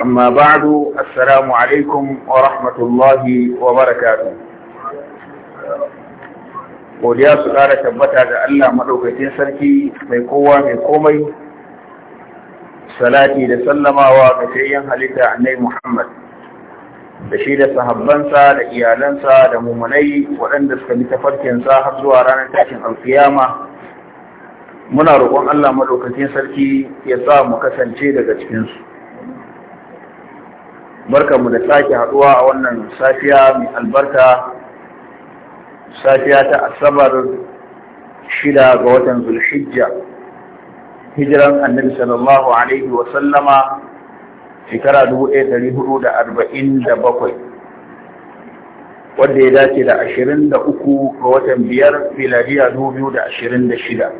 أما بعد السلام عليكم ورحمة الله وبركاته godiya su ƙara tabbata da Allah maɗaukakin sarki mai kowa mai komai salati da sallamawa ga shayyan halitta annai Muhammad da shi da sahabbansa da iyalansa da mumunai waɗanda suka bi tafarkinsa har zuwa ranar tashin alfiyama. muna roƙon Allah maɗaukakin sarki ya sa mu kasance daga cikinsu Barka mu da sake haduwa a wannan safiya mai albarka safiya ta asabar shida ga watan zulhijja hijiran annabi sallallahu alaihi wa sallama shekara dubu ɗaya da da arba'in bakwai. wanda ya dace da ashirin da uku ga watan biyar filadiya shida.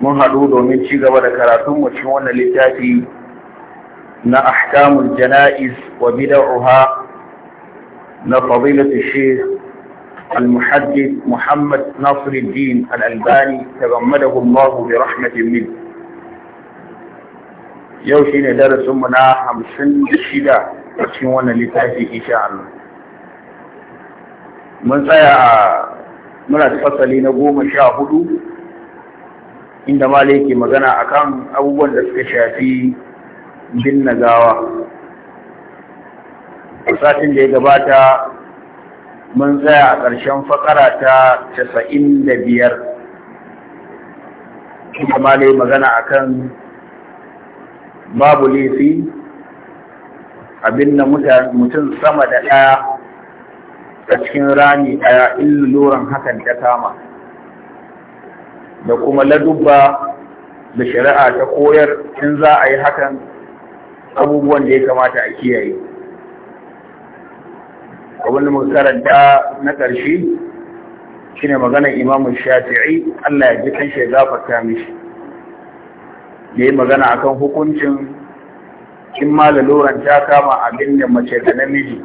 mun haɗu domin ci gaba da karatunmu cikin wannan littafi na ahkamul jana'iz wa bida'uha na fadilatu shekh al-muhaddith Muhammad Nasiruddin Al-Albani tagammadahu Allah bi rahmatin min yau shine darasin mu na 56 a cikin wannan littafi insha Allah mun tsaya a muna fasali na goma sha hudu, inda yake magana akan abubuwan da suka shafi binne gawa satin da ya gabata mun tsaya a ƙarshen fakara ta casa'in da biyar kuma malai magana akan babu laifi abin da mutum sama da ɗaya a cikin rani ɗaya illuran hakan ta kama da kuma ladubba da shari'a ta koyar in za a yi hakan abubuwan da ya kamata a kiyaye abin da muka karanta na ƙarshe shine maganar imamu shafi'i Allah ya ji kan shi gafarta mishi da magana akan hukuncin in ma laluran ta kama abin da mace da namiji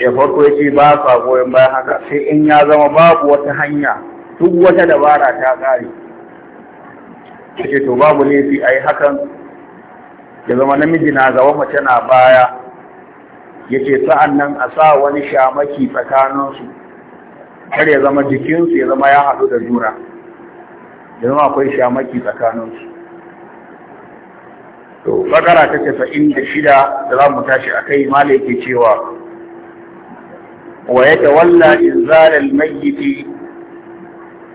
ya ko ya ba sa goyon bayan haka sai in ya zama babu wata hanya duk wata dabara ta kare ya to babu laifi a yi hakan ya zama namiji na gaba mace na baya ce sa'an nan a sa wani shamaki tsakaninsu Har ya zama jikinsu ya zama ya haɗu da jura ya zama akwai shamaki tsakaninsu to bakara ta casa'in da shida da za mu tashi a kai mala yake cewa wa ya tawalla in zara almayyiti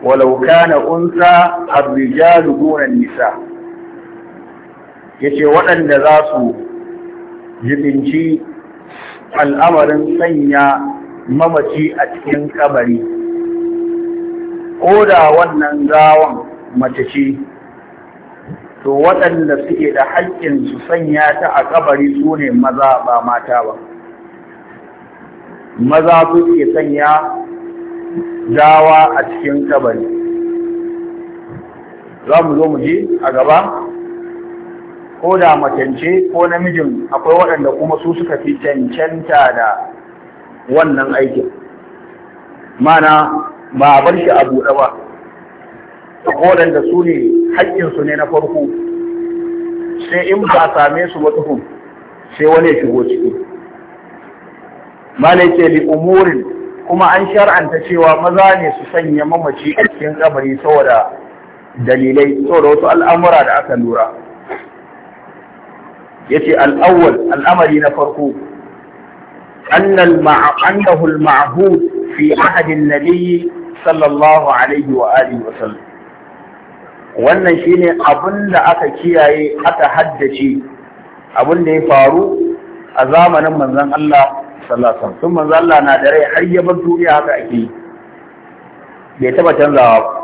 Walauka na unsa har rijalu nisa yace waɗanda za su jibinci al'amarin sanya mamaci a cikin kabari ko da wannan gawan mace ce to waɗanda suke da haƙƙin su sanya ta a kabari su ne maza ba mata ba maza suke sanya gawa a cikin kabari za mu zo mu ji a gaba ko da macence ko namijin akwai waɗanda kuma su suka fi cancanta da wannan aikin mana ba bar shi a buɗe ba Da waɗanda su ne haƙƙinsu ne na farko sai in ba same su ba tuhum sai wani shigo ciki malai ce li umurin kuma an shar'anta cewa maza ne su sanya mamaci a cikin kabari saboda dalilai saboda wasu al'amura da aka lura yace al-awwal al'amari na farko annal al-ma'hud fi ahadi an-nabi sallallahu alaihi wa alihi wa sallam wannan shine abinda aka kiyaye aka haddace da ya faru a zamanin manzon Allah sallallahu alaihi wasallam manzon Allah na da rai har ya bar duniya haka ake bai taba canzawa ba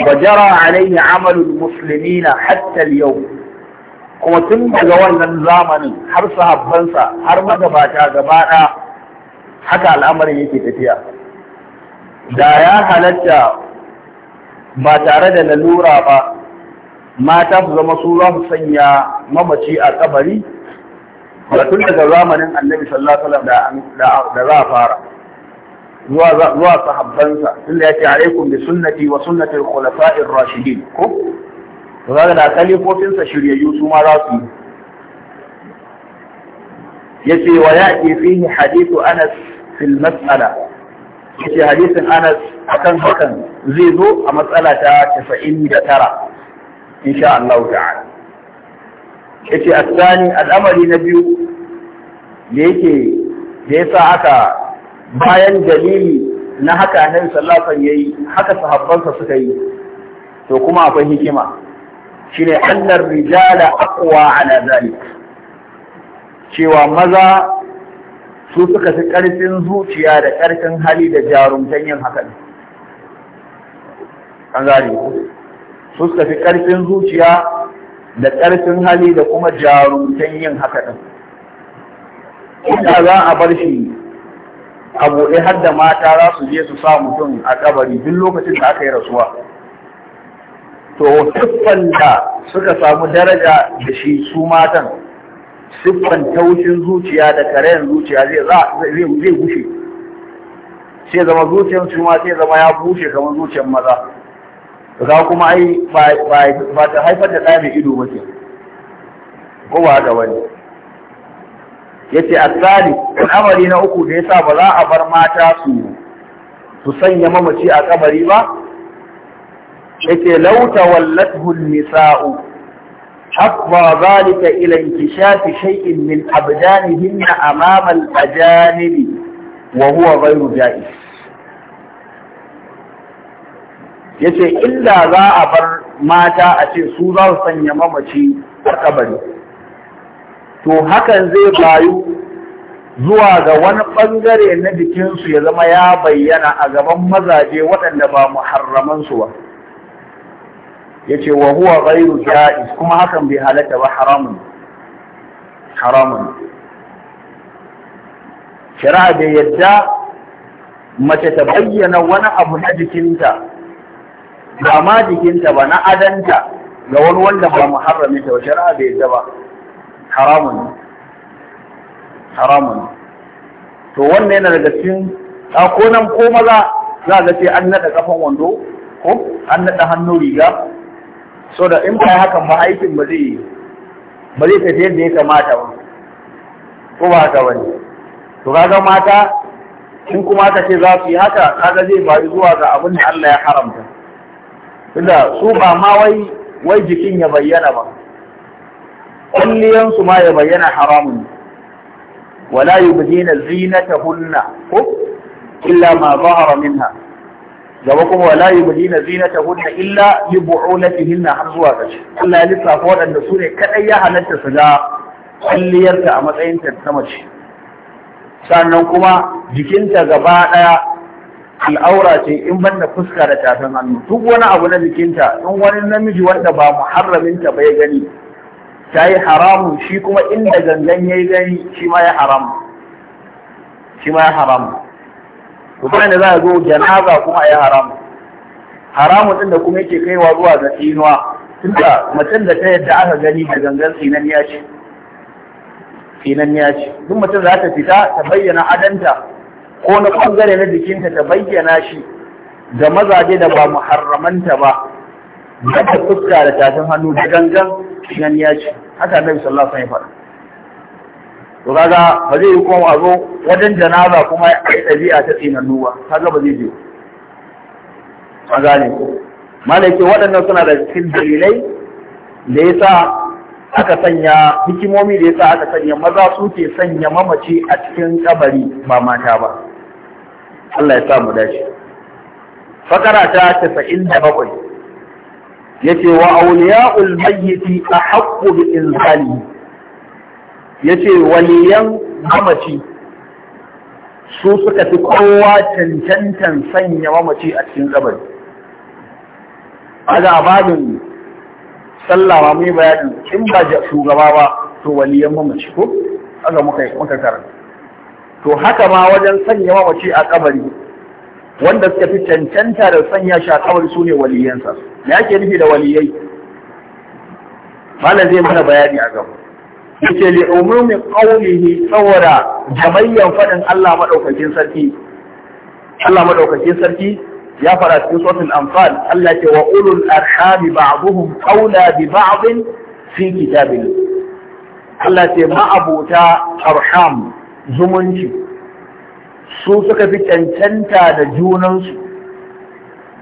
وجرى عليه عمل المسلمين حتى yau. kuma tun daga wannan zamanin har sahabbansa har magabata gaba ɗaya haka al'amarin yake tafiya da ya halatta ba tare da lalura ba mata su zama su za su sanya mamaci a kabari da tun daga zamanin annabi sallallahu alaihi da za a fara zuwa sahabbansa tun da ya ce alaikum bi sunnati wa sunnati al-khulafa'ir rashidin ko to kaga da kalifofinsa shiryayyu su ma za su yi yace wa ya'ti fihi hadithu Anas fil mas'ala yace hadisin Anas akan hakan zai zo a matsala ta 99 insha Allah ta'ala yace asani al'amari na biyu da yake da yasa aka bayan dalili na haka nan sallallahu yayi haka sahabbansa suka yi to kuma akwai hikima ne annar rijala aqwa ala zalik cewa maza su suka fi ƙarfin zuciya da ƙarfin hali da jarumtan yin hakan an zari su suka fi ƙarfin zuciya da ƙarfin hali da kuma jarumtan yin hakan inda za a bar shi a buɗe har da mata za su je su sa mutum a kabari duk lokacin da aka yi rasuwa to siffan da suka samu daraja da shi su matan siffan taushin zuciya da karen zuciya zai gushe sai zama zuciyar su ma sai zama ya bushe kamar zuciyar maza Za kuma ai ba ta haifar da tsari ido mace ko ba ya ce yace asali kamari na uku da yasa ba za a bar mata su su sanya mamaci a kamari ba Yace lauta wallathu nisa'u حفظ ذلك إلى انكشاف شيء من أبدانهن أمام الأجانب وهو غير جائز yace illa za a bar mata a ce su za su sanya mamaci a kabari to hakan zai bayu zuwa ga wani ɓangare na jikinsu ya zama ya bayyana a gaban mazaje waɗanda ba su ba Ya ce wa huwa ghairu ja'iz kuma hakan bai halatta ba haramun haramun shari'a bai yadda mace ta bayyana wani abu na jikinta ba ma jikinta ba na adanta ga wani wanda ba muharramin ta ba shari'a bai yadda ba haramun haramun to wannan yana daga cikin ko nan ko maza za ga sai an naɗa ƙafan wando ko an naɗa hannun riga so da in ba hakan ba aikin ba zai ba zai tafi yadda ya kamata ba ko ba haka ne? to ga mata in kuma ka ce za su yi haka kaga zai bayu zuwa ga abin da Allah ya haramta tunda su ba ma wai wai jikin ya bayyana ba kulliyan su ma ya bayyana haramun wala yubdina zinatahunna ko illa ma zahara minha gaba kuma wala ta zinatahunna illa li bu'ulatihinna har zuwa ƙarshe Allah ya lissafa waɗanda su ne ya halatta su ga kwalliyarta a matsayin ta ta mace sannan kuma jikinta gaba ɗaya al'aura ce in banda fuska da tafin hannu duk wani abu na jikinta in wani namiji wanda ba muharraminta bai gani ta yi haramun shi kuma inda gangan ya yi gani shi ma ya haramu shi ma ya haramu to bayan da za a zo janaza kuma ayi haramu haramun ɗin da kuma yake kaiwa zuwa ga tsinuwa da mutum da ta yadda aka gani da gangan ya ce ya ce duk mutum za ta fita ta bayyana adanta ko na bangare na jikinta ta bayyana shi ga mazaje da ba muharramanta ba da fuska da tafin hannu da gangan ya ce haka annabi sallallahu alaihi wasallam ya faɗa to kaga ba zai yi kuma a zo wajen janaza kuma a yi ɗabi'a ta tsinan ba kaga ba zai je a gane ko malaki waɗannan suna da cikin dalilai da ya sa aka sanya hikimomi da ya sa aka sanya maza su ke sanya mamaci a cikin kabari ba mata ba Allah ya sa mu dace fakara ta 97 yace wa awliya'ul mayyiti ahaqqu bi inzalihi ya ce waliyan mamaci su suka fi kowa cancantan sanya mamaci a cikin kabari a babin sallama mai bayanin in ba shugaba ba to waliyan mamaci ko aka muka karanta to haka ma wajen sanya mamaci a kabari wanda suka fi cancanta da sanya shi a kabari su ne waliyansa me ake nufi da waliyai malam zai mana bayani a gaba yake li umumi qawlihi saboda jamayyan fadin Allah madaukakin sarki Allah madaukakin sarki ya fara cikin suratul anfal Allah ce wa ulul arhami ba'dhum qawla bi ba'd fi kitabil Allah ce ma'abuta arham zumunci su suka fi cancanta da junansu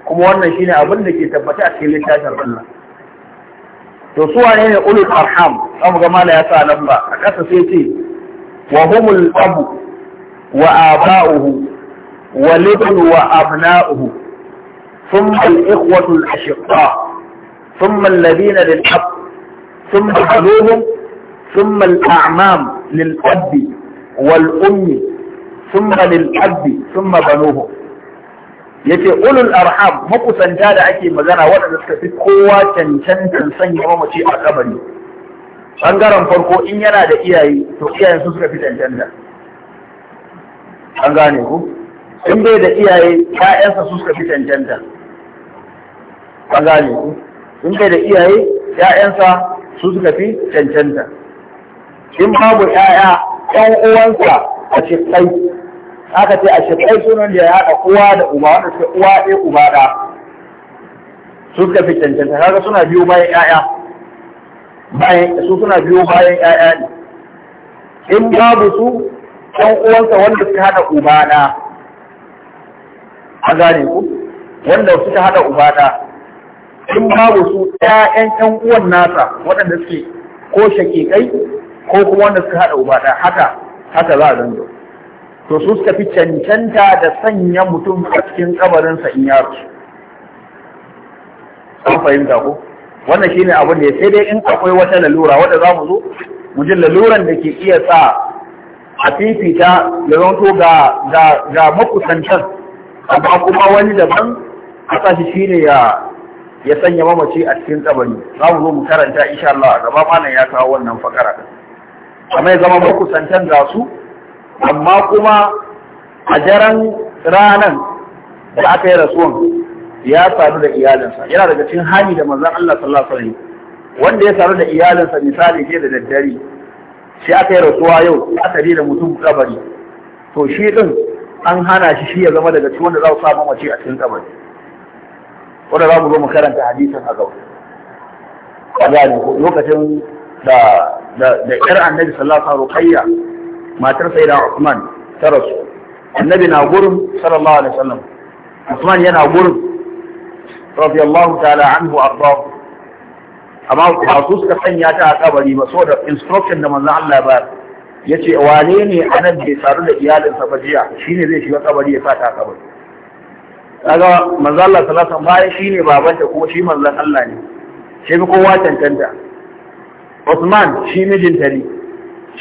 kuma wannan shine abin da ke tabbata a cikin littafin Allah to su wane ne ulul arham an ga mala ya sa nan ba a kasa sai ce wa humul abu wa aba'uhu wa libnu wa abna'uhu thumma al-ikhwatu al-ashqa thumma alladhina lil-ab thumma abuhum thumma al-a'mam lil-ab wal-ummi thumma lil-ab thumma banuhum yace ulul arham makusanta da ake magana waɗanda suka fi kowa cancantan sanya mamaci a kabari bangaren farko in yana da iyaye to iyayen su suka fi cancanta an gane ku in bai da iyaye ƴaƴansa su suka fi cancanta an gane ku in bai da iyaye ƴaƴansa su suka fi cancanta in babu ƴaƴa ƴan uwansa a ce kai aka ce a shekai sunan da ya haɗa uwa da uba wanda suke uwa ɗaya uba ɗa su suka fi cancanta kaga suna biyo bayan ƴaƴa bayan su suna biyo bayan ƴaƴa ne in babu su ɗan uwansa wanda suka haɗa uba ɗa a gane ku wanda suka haɗa uba ɗa in babu su ƴaƴan ƴan uwan nasa waɗanda suke ko shakikai ko kuma wanda suka haɗa uba ɗa haka haka za a zango to su suka fi cancanta da sanya mutum a cikin kabarinsa in yaro su. Sun fahimta ko wannan ne abin da ya sai dai in akwai wata lalura wadda za mu zo mu ji laluran da ke iya sa a fifita ya zanto ga ga makusantan amma kuma wani daban a sashi ne ya ya sanya mamaci a cikin kabari za mu zo mu karanta insha Allah gaba malam ya kawo wannan fakara kamar ya zama makusantan ga su amma kuma a daren ranan da aka yi rasuwan ya sadu da iyalinsa yana daga cikin hani da manzon Allah sallallahu alaihi wanda ya sadu da iyalinsa misali ke da daddare sai aka yi rasuwa yau aka da mutum kabari to shi din an hana shi shi ya zama daga cikin wanda za su samu mace a cikin kabari wanda za mu zo mu karanta hadisin a gaba a lokacin da da da annabi sallallahu alaihi wasallam matar sayyida Usman, ta rasu annabi na gurin sallallahu alaihi wasallam Usman yana gurin radiyallahu ta'ala anhu ardahu amma ba su suka sanya ta a kabari ba saboda instruction da manzon Allah ba ya ce wane ne a nan bai saru da iyalinsa ba jiya shine zai shiga kabari ya sa ta kabari kaga manzon Allah sallallahu alaihi wasallam bayan shine baban ta ko shi manzon Allah ne shi kowa tantanta Usman shi mijinta ne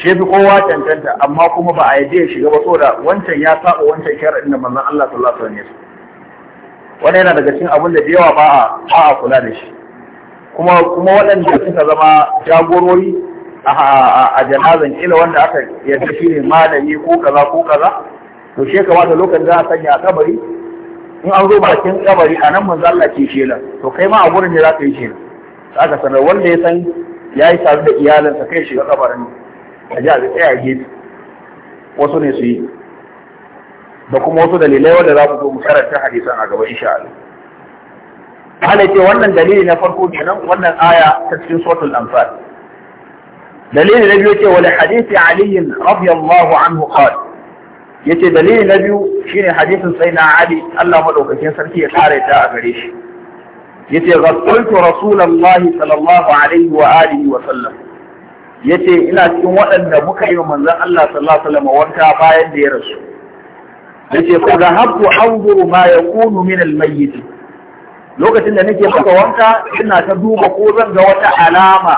shi fi kowa cancanta amma kuma ba a yi ya shiga ba saboda wancan ya saba wancan shari'in da manzon Allah sallallahu alaihi wasallam wannan yana daga cikin abin da da yawa ba a ba a kula da shi kuma kuma waɗanda suka zama jagorori a janazan ila wanda aka yarda shi ne malami ko kaza ko kaza to shi kamata lokacin da a sanya a kabari in an zo bakin kabari a nan manzon Allah ke shela to kai ma a gurin ne za ka yi shela aka sanar wanda ya san ya yi tare da iyalinsa kai shiga kabarin a ji a tsaya gefe wasu ne su yi da kuma wasu dalilai wanda za ku zo mu karanta hadisan a gaba insha Allah hala ce wannan dalili na farko kenan wannan aya ta cikin suratul anfal dalili na biyu ce wal hadisi ali radiyallahu anhu qala yace dalili na biyu shine hadisin sayyidina ali Allah madaukakin sarki ya kare ta a gare shi yace ghassaltu rasulullahi sallallahu alaihi wa alihi wa sallam yace ina cikin waɗanda muka yi wa manzon Allah sallallahu alaihi wasallam wanka bayan da ya rasu yace fa haku anzuru ma yakunu min al lokacin da nake maka wanka ina ta duba ko zan ga wata alama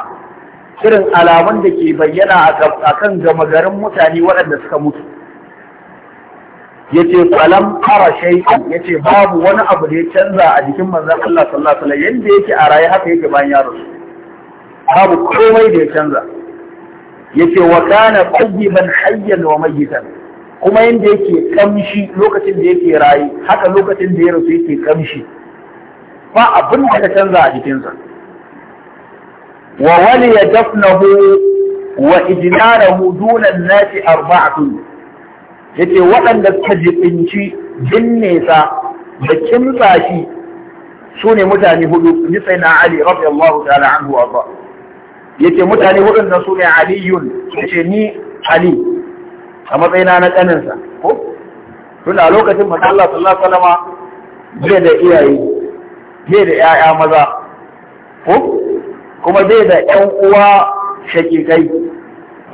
irin alamun da ke bayyana akan gama garin mutane waɗanda suka mutu yace falam ara shay'an yace babu wani abu da ya canza a jikin manzon Allah sallallahu alaihi wasallam yanda yake a raye haka yake bayan ya rasu babu komai da ya canza yace wa kana qayyiban hayyan wa mayyitan kuma yanda yake kamshi lokacin da yake rayu haka lokacin da ya rasu yake kamshi ba abin da ka canza a jikinsa wa ya dafnahu wa ijlarahu duna nasi arba'atun yace waɗanda suka jibinci jinnesa da kimsa shi sune mutane hudu ni sai na Ali radiyallahu ta'ala anhu wa yace mutane waɗannan su ne aliyun yace ni ali a matsayina na kaninsa ko tun lokacin matsala Allah sallallahu zai da iyaye zai da yaya maza ko kuma zai da 'yan uwa shakikai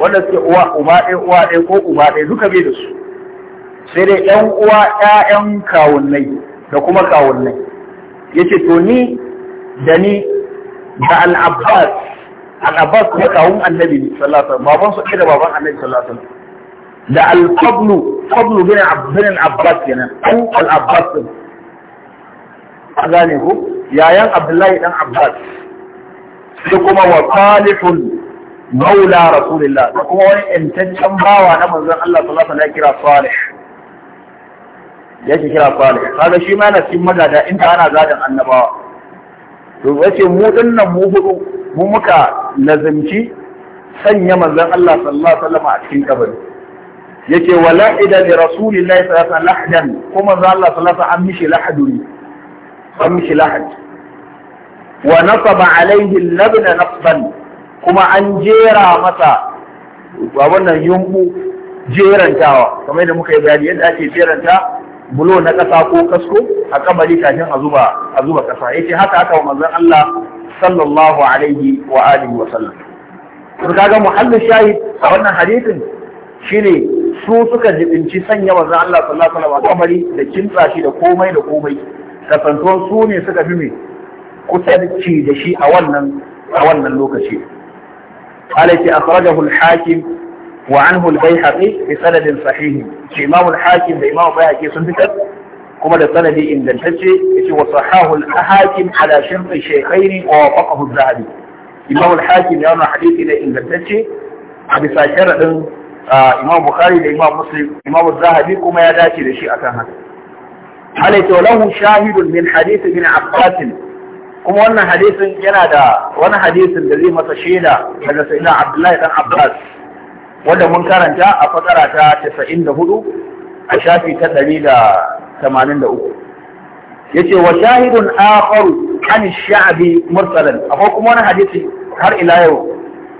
wanda suke uwa uba ɗaya uwa ɗaya ko uba ɗaya duka bai da su sai dai yan uwa yayan kawunnai da kuma kawunnai yace to ni da ni da al'abbas al-abbas kuma kawun annabi ne sallallahu alaihi wasallam baban su ɗaya da baban annabi sallallahu alaihi wasallam da al-fadlu fadlu bin abdin abbas kenan ko al-abbas din a gane ko yayan abdullahi dan abbas da kuma wa salihun maula rasulillah da kuma wani intaccen bawa na manzon Allah sallallahu alaihi wasallam kira salih yake kira salih kaga shi ma yana cikin magada inda ana zadan annabawa to wace mu dinnan mu hudu mu muka lazimci sanya manzon Allah sallallahu alaihi wasallam a cikin kabari yake wala ida li rasulillahi sallallahu alaihi wasallam lahdan kuma manzon Allah sallallahu alaihi wasallam an mishi lahadun an mishi lahad wa nasaba alaihi labna nasban kuma an jera masa a wannan yumbu jerantawa kamar yadda muka yi bayani yadda ake jeranta bulo na ƙasa ko kasko a kabari kafin a zuba a zuba ƙasa yace haka haka wa manzon Allah sallallahu alaihi wa alihi wa sallam to kaga muhallin shahid a wannan hadisin shine su suka jibinci sanya manzon Allah sallallahu alaihi wa kabari da kintsa shi da komai da komai kasantuwar su ne suka fi mai kusanci da shi a wannan a wannan lokaci. Alaiki akhrajahu al-Hakim wa anhu al-bayhaqi bi sanadin sahih shi imam al-hakim da imam bayhaqi sun fitar kuma da sanadi ingantacce yace wa sahahu al-hakim ala shart shaykhain wa wafaqahu az-zahabi imam al-hakim ya wannan hadisi ne ingantacce a bisa sharadin bukhari da imam muslim imam zahabi kuma ya dace da shi akan haka halaita wa lahu shahidun min kuma wannan hadisin yana da wani hadisin da zai masa shaida daga sayyidina abdullahi dan abbas Wadda mun karanta a fakara ta 94 a shafi ta 183 ce wa shahidun akharu an sha'bi mursalan akwai kuma wani hadisi har ila yau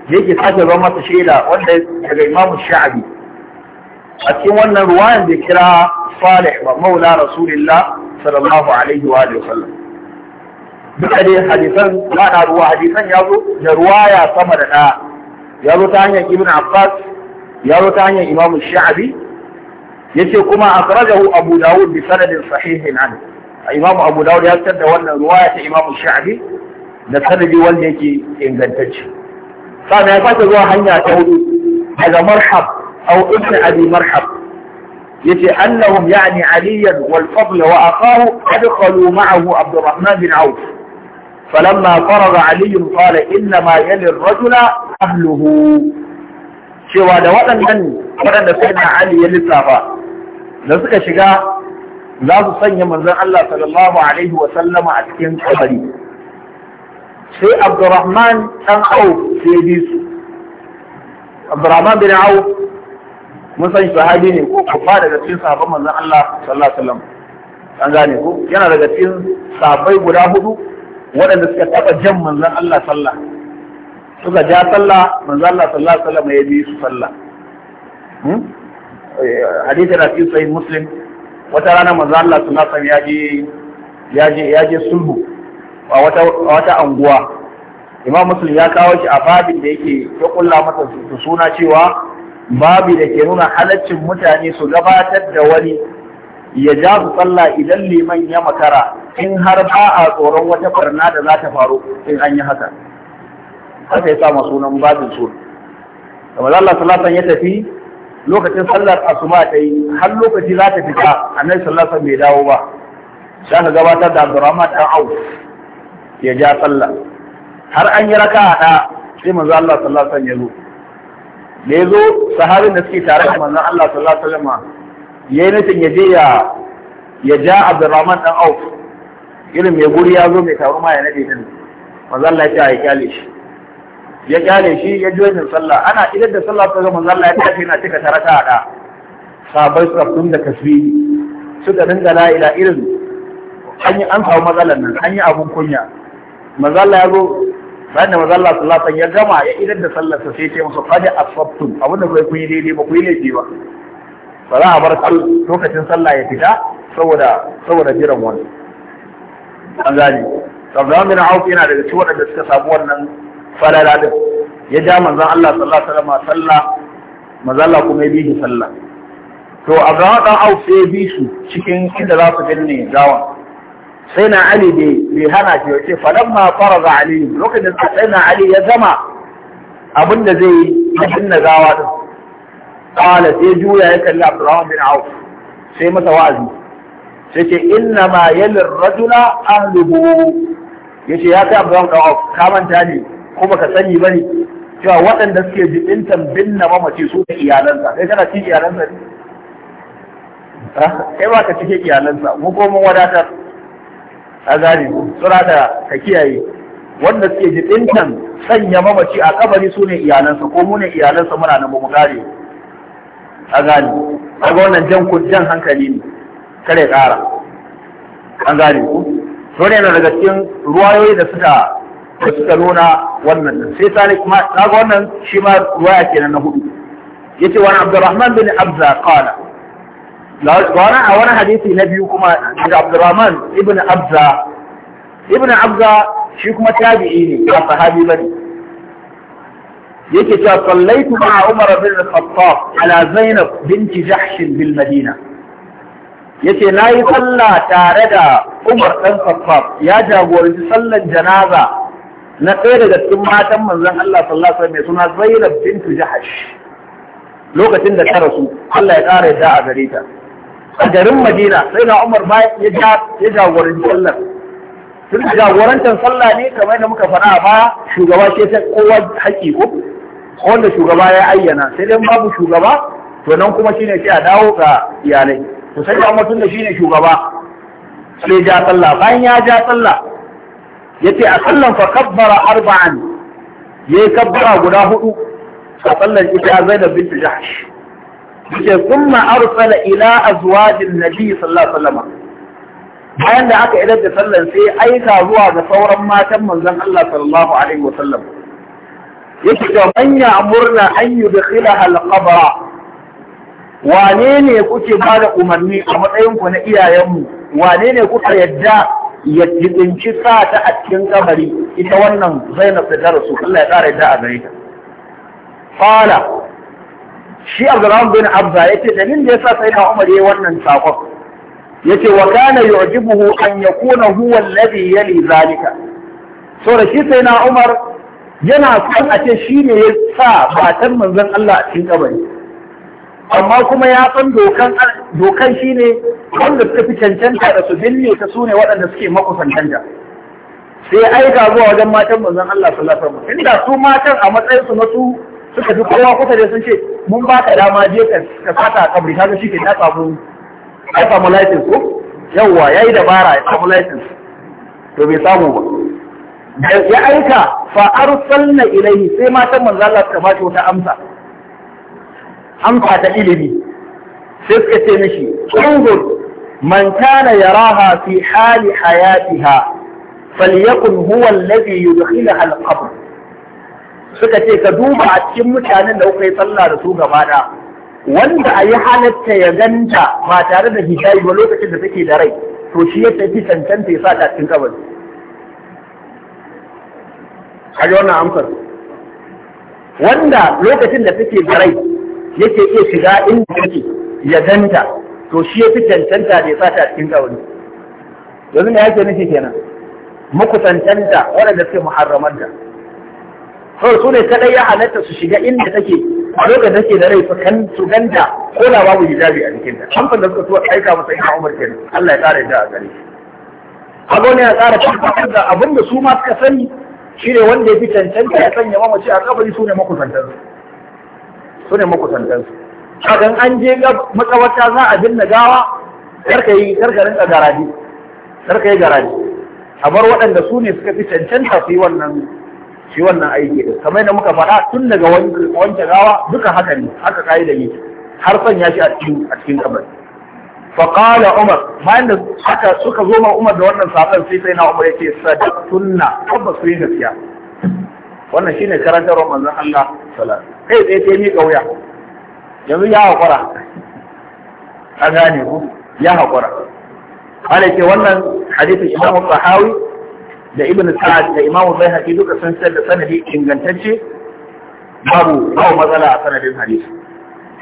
yake sake zama masa shaida wanda daga imamu sha'bi a cikin wannan ruwayan da kira Salih wa Maula Rasulullah sallallahu alaihi wa sallam duka dai hadisan ma'ana ruwa hadisan ya zo da ruwaya sama da ɗaya ya zo ta hanyar Ibn Abbas ya zo ta hanyar Imam Sha'abi yace kuma akhrajahu Abu Dawud bi sanadin sahihin an Imam Abu Dawud ya fitar da wannan ruwaya ta Imam Sha'abi da sanadi wanda yake ingantacce sannan ya fata zuwa hanya ta hudu daga Marhab aw Ibn Abi Marhab yace annahum ya'ni Aliyan wal Fadl wa akahu adkhalu ma'ahu Abdurrahman bin Auf فلما فرغ علي قال إنما يلي الرجل أهله cewa da waɗannan waɗanda sai na Ali ya lissafa da suka shiga za su sanya manzon Allah sallallahu alaihi wa sallama a cikin kabari sai Abdurrahman dan Auf sai bi su Abdurrahman bin Auf mun san sahabi ne ko kuma daga cikin sahabban manzon Allah sallallahu alaihi wa sallam an gane ko yana daga cikin sahabbai guda hudu waɗanda suka taɓa jan manzon Allah sallallahu suka ja sallah manzo Allah sallallahu alaihi wasallam ya bi su sallah hmm? hadith na cikin sahih muslim wata rana manzo Allah sallallahu alaihi wasallam ya je ya je sulhu a wata wata anguwa imam muslim ya kawo shi a babin da yake ya kulla masa su suna cewa babi da ke nuna halaccin mutane su gabatar da wani ya ja su sallah idan liman ya makara in har ba a tsoron wata barna da za ta faru in an yi haka aka yi masu sunan babin sun da maza Allah sallallahu ya tafi lokacin sallar asuma ta yi har lokaci za ta fita annabi sallallahu alaihi bai dawo ba sai ka gabatar da Abdurrahman dan au ya ja sallah har an yi raka'a da sai manzo Allah sallallahu alaihi ya zo da ya zo sahabin da suke tare da manzon Allah sallallahu alaihi wasallam yi nufin ya je ya ya ja Abdurrahman ɗan au irin mai guri ya zo mai taru ma ya nade din manzo Allah ya ce a kyale shi ya kyale shi ya ji wajen sallah ana idan da sallah ta zama zalla ya tafi na cika taraka a da sabai tsafin da kasbi suka dinga la ila irin an yi an samu mazalan nan an yi abun kunya mazalla ya zo bayan da mazalla sallah ya gama ya idan da sallar sa sai ce masa kada asabtum abin da kun yi daidai ba ku yi laifi ba ba za a bar lokacin sallah ya fita saboda saboda jiran wani an gane Abdulrahman bin Auf yana daga cikin da suka samu wannan falala din ya ja manzon Allah sallallahu alaihi wasallam sallah manzon Allah kuma ya bi shi sallah to Abraham dan Auf sai ya bi su cikin inda za su binne gawan sai na Ali bai hana shi ya ce ma faraza Ali lokacin da sai na Ali ya zama abin da zai yi ya binne gawa din qala sai juya ya kalli Abdurrahman bin Auf sai masa wa'azi sai ce inna ma yalir rajula ahluhu yace ya kai Abdurrahman bin Auf ka manta ne Kuma ka sani ba ne cewa waɗanda suke jibintan binna mamaci su da iyalansa kai kana cikin iyalansa ne kai ba ka cikin iyalansa mu ko mun wadatar a gane tsura da ka kiyaye wanda suke jibintan sanya mamaci a kabari su ne iyalansa ko mu ne iyalansa muna nan ba mu gane a gane kaga wannan jan jan hankali ne kare kara. an gane ku to ne daga cikin ruwayoyi da suka da suka nuna wannan din sai sani kuma kaga wannan shi ma ruwaya kenan na hudu yace wani Abdurrahman bin Abza qala wannan a wani hadisi na biyu kuma daga Abdurrahman ibn Abza ibn Abza shi kuma tabi'i ne ba sahabi bane yake cewa sallaitu ma'a Umar bin Khattab ala Zainab binti Jahsh bil Madina yace nayi sallah tare da Umar dan Khattab ya jagoranci sallan janaza na ɗaya daga cikin matan manzon Allah sallallahu alaihi wasallam suna Zainab bintu Jahash lokacin da ta rasu Allah ya ƙara yadda a gare ta a garin Madina sai na Umar ba ya ya jagoranci sallar tun jagorantar sallah ne kamar da muka faɗa ba shugaba ke ta kowa haƙi ko wanda shugaba ya ayyana sai dai babu shugaba to nan kuma shine sai a dawo ga iyalai to sai da mutum da shine shugaba sai ja sallah bayan ya ja sallah Ya ce a sallan fa kabbara arba'an yi kabbara guda hudu a sallan ita Zainab bint Jahsh yace kuma arsala ila azwajin nabi sallallahu alaihi bayan da aka idar da sallan sai aika zuwa ga sauran matan manzon Allah sallallahu alaihi wasallam yake da manya murna an yudkhilaha al-qabra wane ne kuke ba da umarni a matsayin ku na iyayenmu wane ne kuka yadda ya jibinci sa ta a cikin kamari ita wannan zainab da ta rasu Allah ya ƙara yadda a gare ta fala shi abdurrahman bin abza yace dalilin da yasa sai na umar yayi wannan sakon yace wa kana yu'jibuhu an yakuna huwa alladhi yali zalika so da shi sai na umar yana son a ce ne ya sa matar manzon Allah a cikin kabari amma kuma ya san dokan dokan shine wanda suka fi cancanta da su binne ta sune waɗanda suke makusantanta sai aika zuwa wajen matan manzon Allah sallallahu alaihi wasallam inda su matan a matsayin su na su suka fi kowa kusa da sun ce mun ba ka dama je ka sata a kabri kaga shi ke na samu ya samu license ko ya yayi dabara ya samu license to bai samu ba ya aika fa arsalna ilaihi sai matan manzon Allah suka ba shi wata amsa An ta ilimi sai suka ce mishi unzur man kana yaraha fi hali hayatiha falyakun huwa alladhi yudkhilaha al-qabr suka ce ka duba a cikin mutanen da kuka yi sallah da su gaba da wanda a yi halatta ya ganta ba tare da hijabi ba lokacin da take da rai to shi ya tafi cancanta ya sa ta cikin kabari kaji wannan amsar wanda lokacin da take da rai yake iya shiga inda yake ya ganta to shi ya fi cancanta da ya sa ta cikin kawai yanzu ne yake nufi kenan makusantanta waɗanda suke muharraman da So su ne kadai ya halatta su shiga inda take a lokacin da take da rai su ganta ko da babu hijabi a jikinta hamsan da suka so aika masa ina umar kenan Allah ya ƙara yadda a gare shi hago ne ya ƙara tabbatar da abin da su ma suka sani shi ne wanda ya fi cancanta ya sanya mamaci a kabari su ne makusantansu su ne makusantansu kadan an je makabarta za a binne gawa karka yi karka rinka garaji karka yi garaji a bar waɗanda su ne suka fi cancanta su yi wannan shi wannan aiki da kamar da muka faɗa tun daga wanke gawa duka haka ne haka kayi da yake har sanya shi a cikin a cikin kabar fa qala umar bayan da haka suka zo ma umar da wannan sakon sai sai na umar yace sadaqtunna tabbas yi gaskiya wannan shine karantarwar manzon Allah sallallahu alaihi wasallam kai tsaye ta miƙa wuya yanzu ya haƙura A gane ku ya haƙura ke wannan hadisin imam sahawi da ibn sa'ad da imam haƙi duka sun sayar da sanadi ingantacce babu babu matsala a sanadin hadisi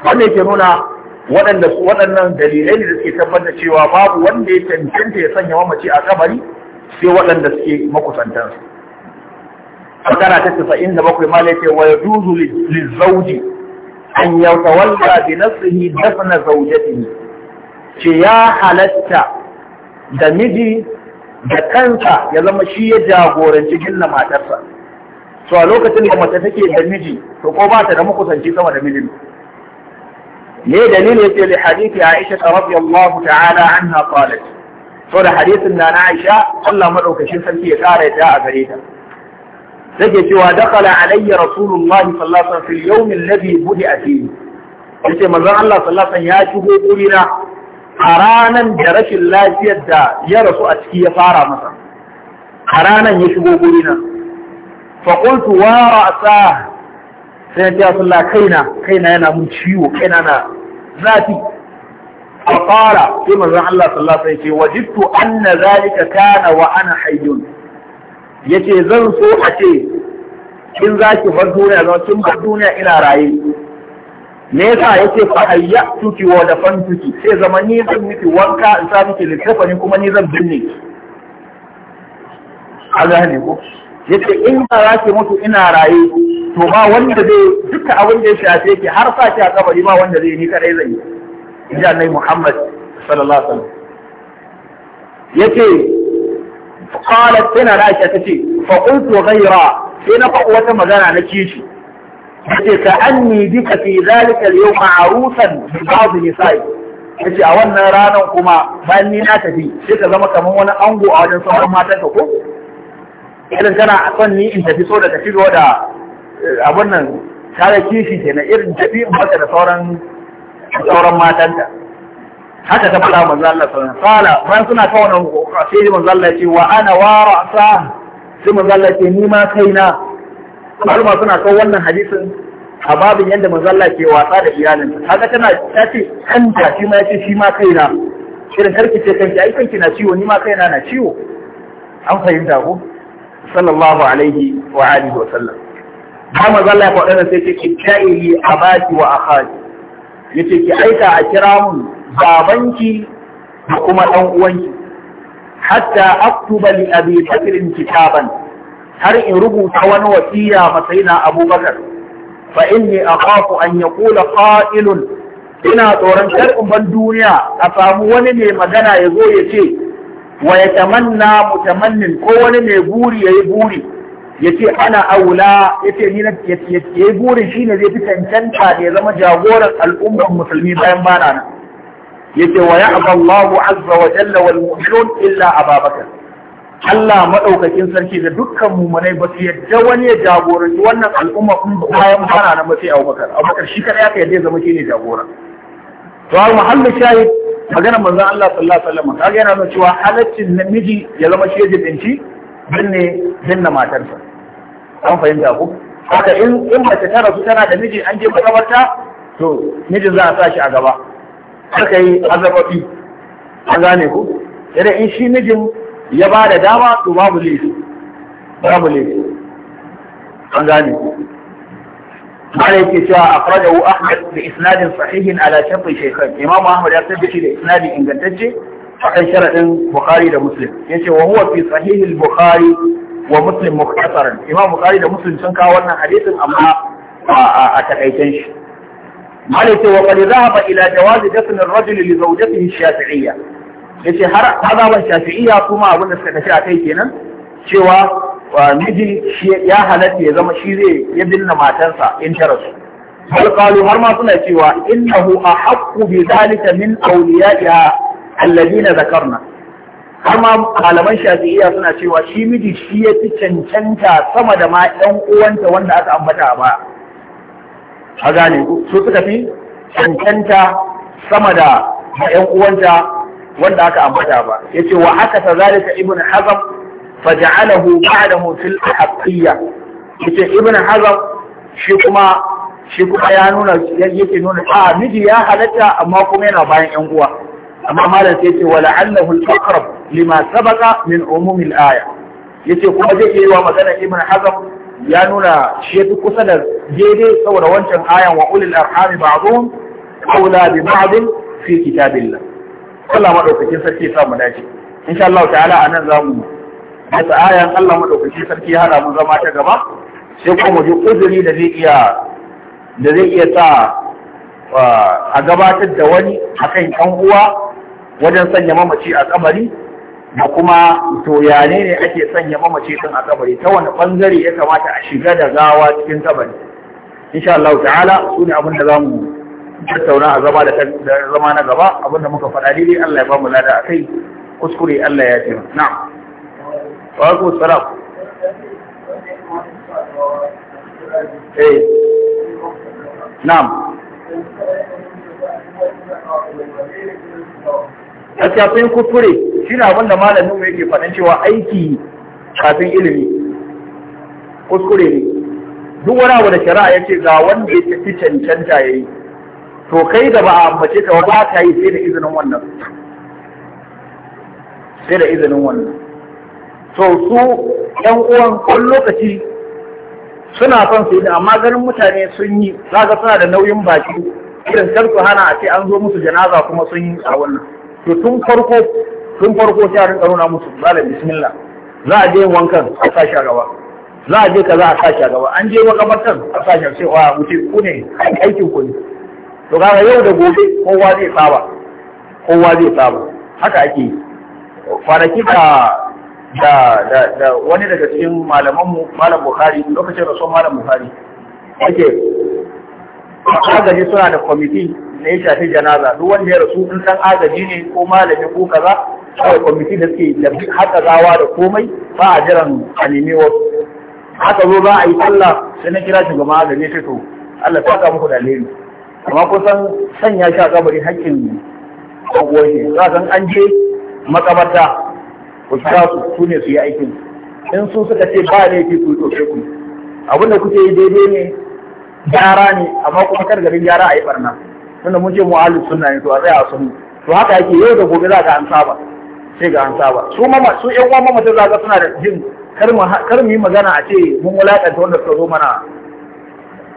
wannan ke nuna waɗannan dalilai da suke tabbatar cewa babu wanda ya cancanta ya sanya mamaci a kabari sai waɗanda suke makusantansu magana ta tasa'in da bakwai ma laifin wa ya juzu lizauji an yauta walla bi nafsihi dafna zaujatihi ce ya halatta da miji da kansa ya zama shi ya jagoranci gilla matarsa To a lokacin da mace take da miji to ko ba ta da makusanci sama da mijin ne dalili yake li hadithi Aisha radiyallahu ta'ala anha qalat so da hadisin na Aisha Allah madaukakin sarki ya kare ta a gare ta take cewa dakala alayya rasulullahi sallallahu alaihi wasallam fil yawm alladhi budi'a fihi yace manzon Allah sallallahu alaihi wasallam ya shigo kurina a ranan da rashin lafiyar da ya rasu a ciki ya fara masa a ranan ya shigo kurina fa qultu wa ra'sa sai ya sallah kaina kaina yana mun ciwo kaina na zafi fa qala sai manzon Allah sallallahu alaihi wasallam ya ce wajidtu anna zalika kana wa ana hayyun yace zan so a ce in za ki bar duniya zama kin bar duniya ina raye me yasa yace fa tuki wa da fan tuki. sai zaman ni zan miki wanka in sa miki littafani kuma ni zan binne ki Allah ne ko yace in ba za ki mutu ina raye to ba wanda zai duka abin da ya shafe ki har sa ki a kabari ba wanda zai ni kadai zai yi inji Annabi Muhammad sallallahu alaihi wasallam yace qalat tana Aisha tace fa qultu ghayra sai na faɗi wata magana na kishi yace ka anni bika fi zalika al-yawm arusan bi ba'd nisa'i yace a wannan ranar kuma bayan ni na tafi sai ka zama kamar wani ango a wajen sauran matan ka ko irin kana son ni in tafi so da tafi da eh, abun nan kare kishi kenan irin tafi in baka da sauran sauran matanta haka ta faɗa manzo Allah sallallahu alaihi wasallam ran suna ta wannan sai manzo Allah ce wa ana wa ra'sa sai manzo Allah ce ni ma kaina malama suna ta wannan hadisin a babin yadda manzo Allah ke wasa da iyalinta haka tana ta ce kanta shi ma ce shi ma kaina irin karki ce kanki ai kanki na ciwo ni ma kaina na ciwo an fahimta ko sallallahu alaihi wa alihi wa sallam har manzo Allah ya faɗa sai ce ki ta'i abati wa akhati yace ki aika a kira mun babanki da kuma ɗan uwanki hatta aktuba li abi bakr kitaban har in rubuta wani wasiya masaina abubakar fa inni akhafu an yaqula qa'ilun ina tsoron kar in ban duniya a samu wani mai magana ya zo ya ce wa yatamanna mutamannin ko wani mai buri yayi buri ya ce ana aula ya ni ya yi burin shi ne zai fi cancanta da ya zama jagoran al'ummar musulmi bayan bana nan ya ce wa ya aballahu azza wa jalla wal mu'minun illa ababakar Allah maɗaukakin sarki da dukkan mumunai ba su yadda wani ya jagoranci wannan al'umma in bayan bana nan ba sai abubakar abubakar shi kada ya ka yadda ya zama shi ne jagora to al muhallu shahid magana manzon Allah sallallahu alaihi wasallam kaga yana nuna cewa halaccin namiji ya zama shi ya jibinci binne binne matarsa an fahimta ko haka in in mace ta rasu tana da miji an je makabarta to mijin za a sa shi a gaba har kai azabafi an gane ko idan in shi mijin ya ba da dama to babu laifi babu laifi an gane ko Malai ke cewa a farajar wu Ahmad da isnadin sahihin ala shafin shekar Imam Ahmad ya shi da isnadin ingantacce a kan sharaɗin Bukhari da Muslim. Ya ce wa huwa fi sahihin Bukhari wa muslim mukhtasaran imam bukhari da muslim sun kawo wannan hadisin amma a takaitan shi malik wa qad dhahaba ila jawaz dafn ar-rajul li zawjatihi ash-shafi'iyya yace har azaban shafi'iyya kuma abin da suka tafi a kai kenan cewa miji ya halatta ya zama shi zai ya binne matarsa in ta rasu bal qalu har ma suna cewa innahu ahaqqu bi dhalika min awliya'iha alladhina dhakarna har ma malaman shafi'iyya suna cewa shi miji shi ya fi cancanta sama da ma ɗan uwanta wanda aka ambata ba a gane su suka fi cancanta sama da ɗan uwanta wanda aka ambata ba ce wa haka ta zalika ibn hazm faj'alahu ba'dahu fil ahqiyya yace ibn hazm shi kuma shi kuma ya nuna yake nuna a miji ya halatta amma kuma yana bayan ƴan uwa amma malam sai ce wala annahu al-aqrab lima sabaqa min umum al-aya yace kuma zai iya wa magana ibn hazm ya nuna shi yafi kusa da daidai saboda wancan ayan wa ulil arham ba'dhum aula bi ba'd fi kitabillah Allah madaukakin sarki ya mu dace insha Allah ta'ala anan zamu wata ayan Allah madaukakin sarki ya hada mu zama ta gaba sai kuma kuduri ji uzuri da zai iya da zai iya sa uh, a gabatar da wani akan kan uwa wajen sanya mamaci a kabari da kuma to ne ake sanya mamaci sun a kabari ta wani bangare ya kamata a shiga da gawa cikin kabari insha Allah ta'ala su ne abin da za mu tattauna a zama da zama na gaba abin muka faɗa daidai Allah ya ba mu lada akai kuskure Allah ya tsira na'am wa alaikum salam eh na'am gaskiya sun kuskure shine abin da malamin mu yake faɗin cewa aiki kafin ilimi kuskure ne duk wani abu da shari'a ce ga wanda ya tafi cancanta yayi to kai da ba a ambace ka ba ta yi sai da izinin wannan sai da izinin wannan to su ɗan uwan kun lokaci suna son su yi amma ganin mutane sun yi za suna da nauyin baki irin kar su hana a ce an zo musu janaza kuma sun yi a wannan to tun farko tun farko sai a rinka nuna musu malam bismillah za a je wankan a sashi a gaba za a je ka za a sashi a gaba an je makabartar a sashi a sai wa wuce ku ne aikin ku ne to kaga yau da gobe kowa zai saba kowa zai saba haka ake yi kwanaki da da wani daga cikin malaman mu malam bukhari lokacin rasuwar malam bukhari ake agaji suna da kwamiti da ya shafi janaza duk wanda ya rasu in san agaji ne ko malami ko kaza kawai kwamiti da suke da haka gawa da komai ba a jiran a nemi haka zo za a yi sallah sai na kira shugaban agaji sai to Allah ta ka muku da alheri amma kusan sanya shi a kabari hakkin kogo ne za san an je makabarta ku kira su su ne su yi aikin in su suka ce ba ne ke ku to ku abinda kuke yi daidai ne gyara ne amma kuma kar garin gyara a yi barna tunda mun ce mu ahlus sunna ne to a tsaya a to haka yake yau da gobe za ka an saba sai ga an saba su mama su ƴan uwan mamatan za ka suna da jin kar mu yi magana a ce mun wulakanta wanda suka zo mana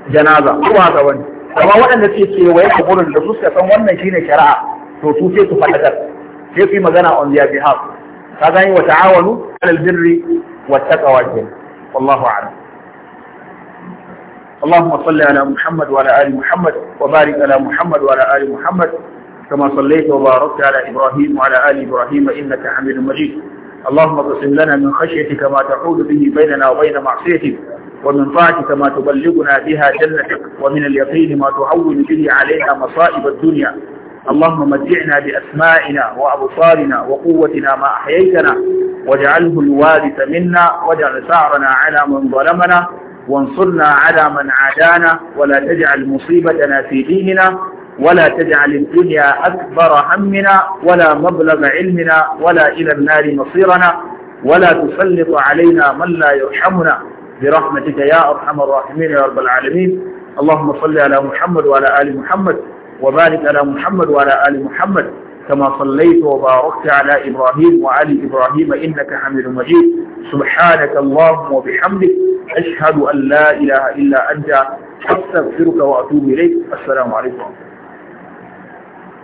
janaza ko haka wani amma waɗanda suke kewaye da gurin da su suka san wannan shine shari'a to su sai su faɗakar sai su yi magana on their behalf ka gani wa ta'awanu alal birri wa taqwa wallahu a'lam اللهم صل على محمد وعلى آل محمد وبارك على محمد وعلى آل محمد كما صليت وباركت على إبراهيم وعلى آل إبراهيم إنك حميد مجيد اللهم اقسم لنا من خشيتك ما تحول به بيننا وبين معصيتك ومن طاعتك ما تبلغنا بها جنتك ومن اليقين ما تعول به علينا مصائب الدنيا اللهم متعنا بأسمائنا وأبصارنا وقوتنا ما أحييتنا واجعله الوارث منا واجعل ثارنا على من ظلمنا وانصرنا على من عادانا ولا تجعل مصيبتنا في ديننا ولا تجعل الدنيا أكبر همنا ولا مبلغ علمنا ولا إلى النار مصيرنا ولا تسلط علينا من لا يرحمنا برحمتك يا أرحم الراحمين يا رب العالمين اللهم صل على محمد وعلى آل محمد وبارك على محمد وعلى آل محمد كما صليت وباركت على إبراهيم وعلى إبراهيم إنك حميد مجيد سبحانك اللهم وبحمدك أشهد أن لا إله إلا أنت أستغفرك وأتوب إليك السلام عليكم